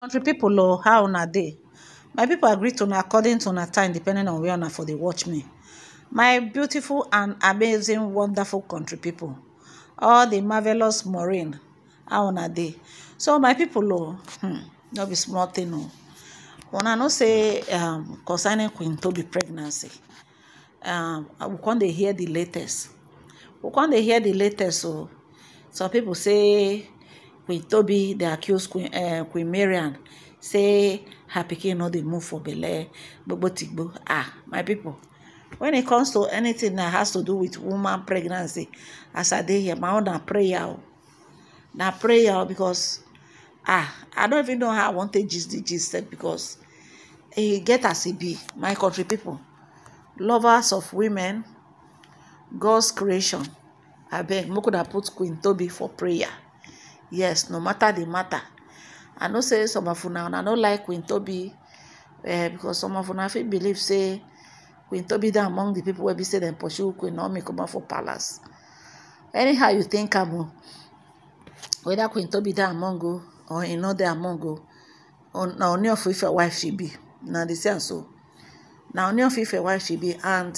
country people, oh how una dey my people agree to una according to una time depending on where una for dey watch me my beautiful and amazing wonderful country people, all the marvelous marine how una dey so my people, oh, hmm no be small tin o una know say um, concerning queen Toby pregnancy um, we con dey hear the latest we con dey hear the latest oh. some people say queen Toby, dey accused queen eh, queen marian say her pikin no dey move for bele, gbogbo tigbo ah my people, when it comes to anything that has to do with woman pregnancy as i dey here my own na prayer o prayer because ah i don't even know how i wan take gist the gist because e get as e be my country people, lovers of women god's creation abeg make una put queen Toby for prayer yes no matter the matter i know say some of una una no like queen tobi uh, eh, because some of una fit believe say queen tobi dey among the people wey be say dem pursue queen naomi comot for palace anyhow you think am o whether queen tobi dey among o or e no dey among o na Ooni of Ife wife she be na the say so na Ooni of Ife wife she be and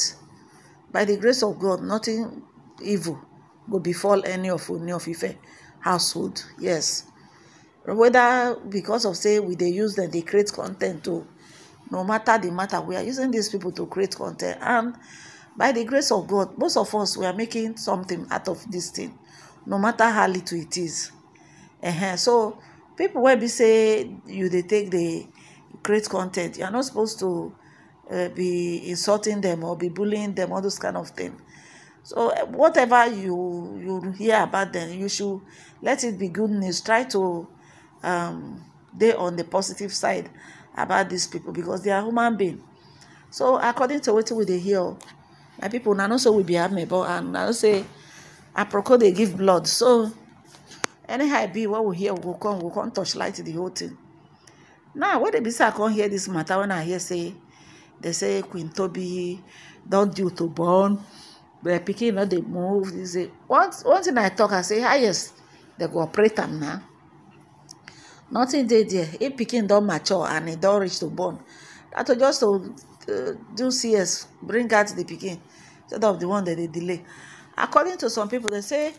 by the grace of God nothing evil go befall any of Ooni of Ife household yes whether because of say we dey use them, dey create con ten t o no matter the matter we are using these people to create con ten t and by the grace of god most of us we are making something out of this thing no matter how little it is uh -huh. so people wey be say you dey take dey create con ten t you are not supposed to uh, be insulting them or be bullying them all those kind of things so eh, whatever you you hear about them you should let it be good news try to um dey on the positive side about these people because they are human being so according to wetin we dey hear my people na no say we be amebo and na no say aproko dey give blood so anyhow be what we hear we go come we go come touch light the whole thing now wey dey be say i come hear this matter when i hear say they say Queen Toby don due to born but the pikin no dey move e say one one thing i talk i say ah yes they go operate am na nothing dey there if pikin don mature and e don reach to born na to just to uh, do cs bring out the pikin instead of the one dem dey delay according to some people, they say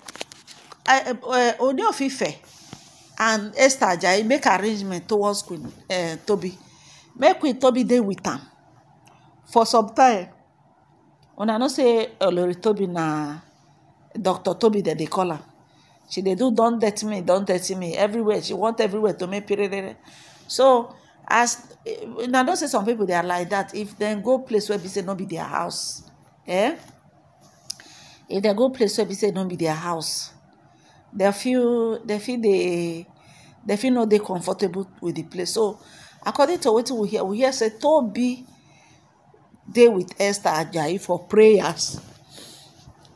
uh, oni of ife and esther ajayi make arrangement towards queen uh, tobi make queen tobi dey with am for some time una know say olori tobi na Doctor tobi dem dey call am she dey do don dirty me don dirty me everywhere she want everywhere to make pirere so as una know say some people dey like that if dem go place wey be say no be their house eh if dem go place wey be say no be their house dem feel dem feel dey dem feel no dey comfortable with the place so according to wetin we hear we hear say tobi dey with esther ajayi for prayers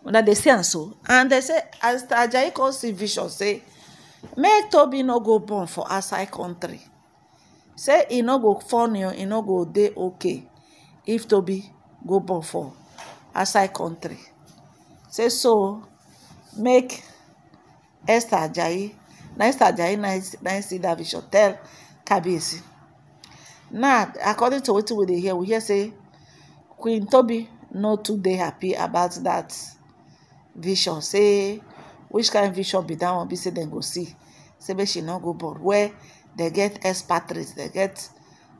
una dey see am so and they say esther ajayi come see vision say make tobi no go born for outside country say e no go funny you, e no go dey okay if tobi go born for outside country say so make esther ajayi na esther ajayi na see that vision tell kabiyesi now according to wetin we dey hear we hear say queen Toby no too dey happy about that vision say which kain vision be that one be say dem go see say make she no go born where dem get expert rate get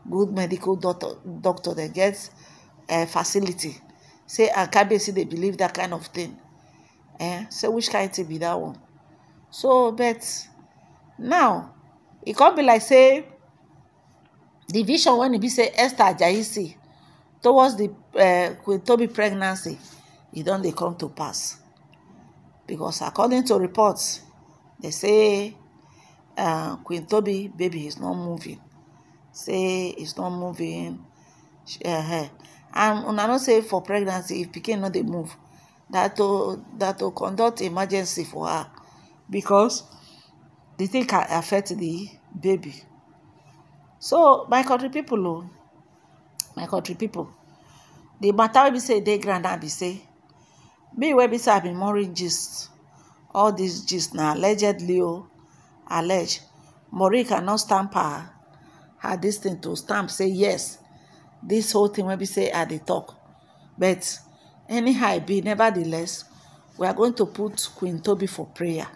good medical doctor doctor dem get eh, facility say and kabiyesi dey believe that kind of thing eh say which kain thing be that one so but now e come be like say the vision when e be say esther ajayi see towards di eh, queen tobi pregnancy it don dey come to pass because according to reports they say eh, queen tobi baby is not moving say it's not moving eh, and una know say for pregnancy if pikin no dey move dat to to conduct emergency for her because di thing can affect the baby so my country people. Oh, my country people, the matter wey be say they grand now be say me where be say i been mori gist all these gist now allegedly Oh, allege morika cannot stamp her her this thing to stamp say yes This whole thing wey be say at the talk but anyhow be nevertheless we are going to put queen toby for prayer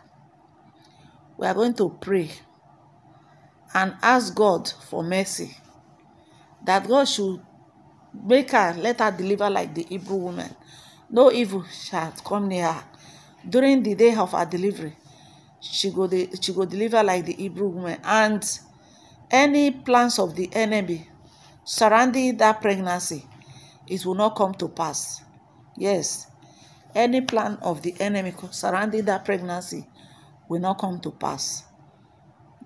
we are going to pray and ask god for mercy that god should Make her, let her deliver like the Hebrew woman. No evil shall come near her. During the day of her delivery, she go, de- she go deliver like the Hebrew woman. And any plans of the enemy surrounding that pregnancy, it will not come to pass. Yes, any plan of the enemy surrounding that pregnancy will not come to pass.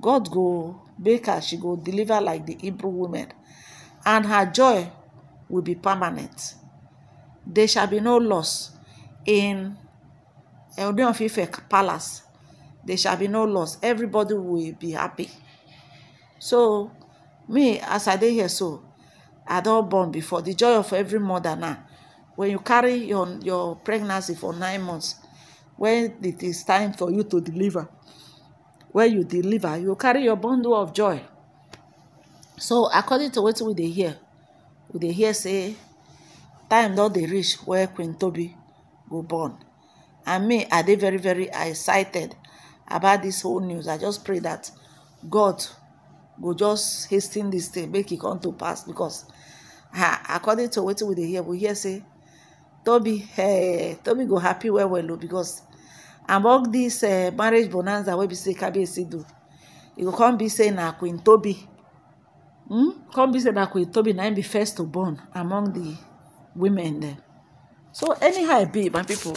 God go make her, she go deliver like the Hebrew woman. And her joy will be permanent. There shall be no loss in Eldeon Fife Palace. There shall be no loss. Everybody will be happy. So, me, as I did here, so I don't born before. The joy of every mother now. When you carry your, your pregnancy for nine months, when it is time for you to deliver, when you deliver, you carry your bundle of joy. So, according to what we did here. we dey hear say time don dey reach where queen tobi go born and me i dey very very excited about this whole news i just pray that god go just hasten this thing make e come to pass because ah according to wetin we dey hear we hear say Toby hey, eh, Toby go happy well well o oh, because among dis eh, marriage bonanza wey be say kabiyesi do e go come be say na queen tobi Hmm? come be say na queen tobi na be first to born among the women dem so anyhow e be my pipo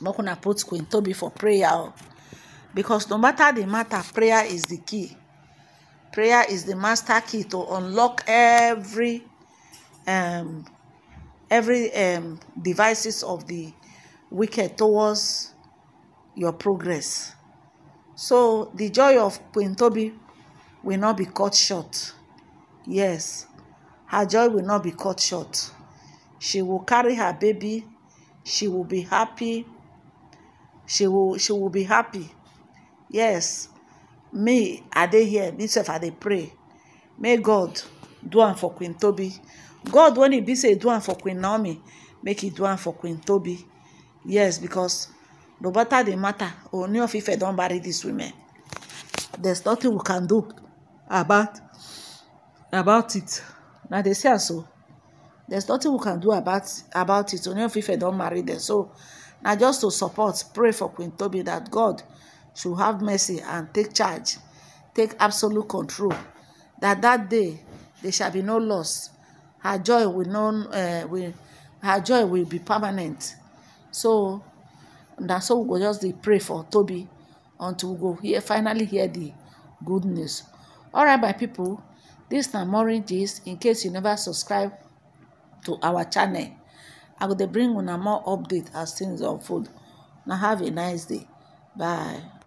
make una put queen tobi for prayer oh. because no matter the matter prayer is the key prayer is the master key to unlock every um every um devices of the wicked towards your progress so the joy of queen tobi will not be cut short Yes, her joy will not be cut short. She will carry her baby. She will be happy. She will she will be happy. Yes, me, I dey here, myself, I dey pray. May God do am for Queen Toby. God, when He be say e do am for Queen Naomi, make He do am for Queen Toby. Yes, because no matter the matter, Ooni of Ife don marry these women. There's nothing we can do about about it now they say so there's nothing we can do about about it only if don't marry them. so now just to support pray for queen Toby that god should have mercy and take charge take absolute control that that day there shall be no loss her joy will no uh, will her joy will be permanent so that's so we just pray for Toby, until we go hear finally hear the good news alright my people. dis na more gist dis case you never subscribe to our channel i go dey bring una more update as things unfold na have a nice day bye.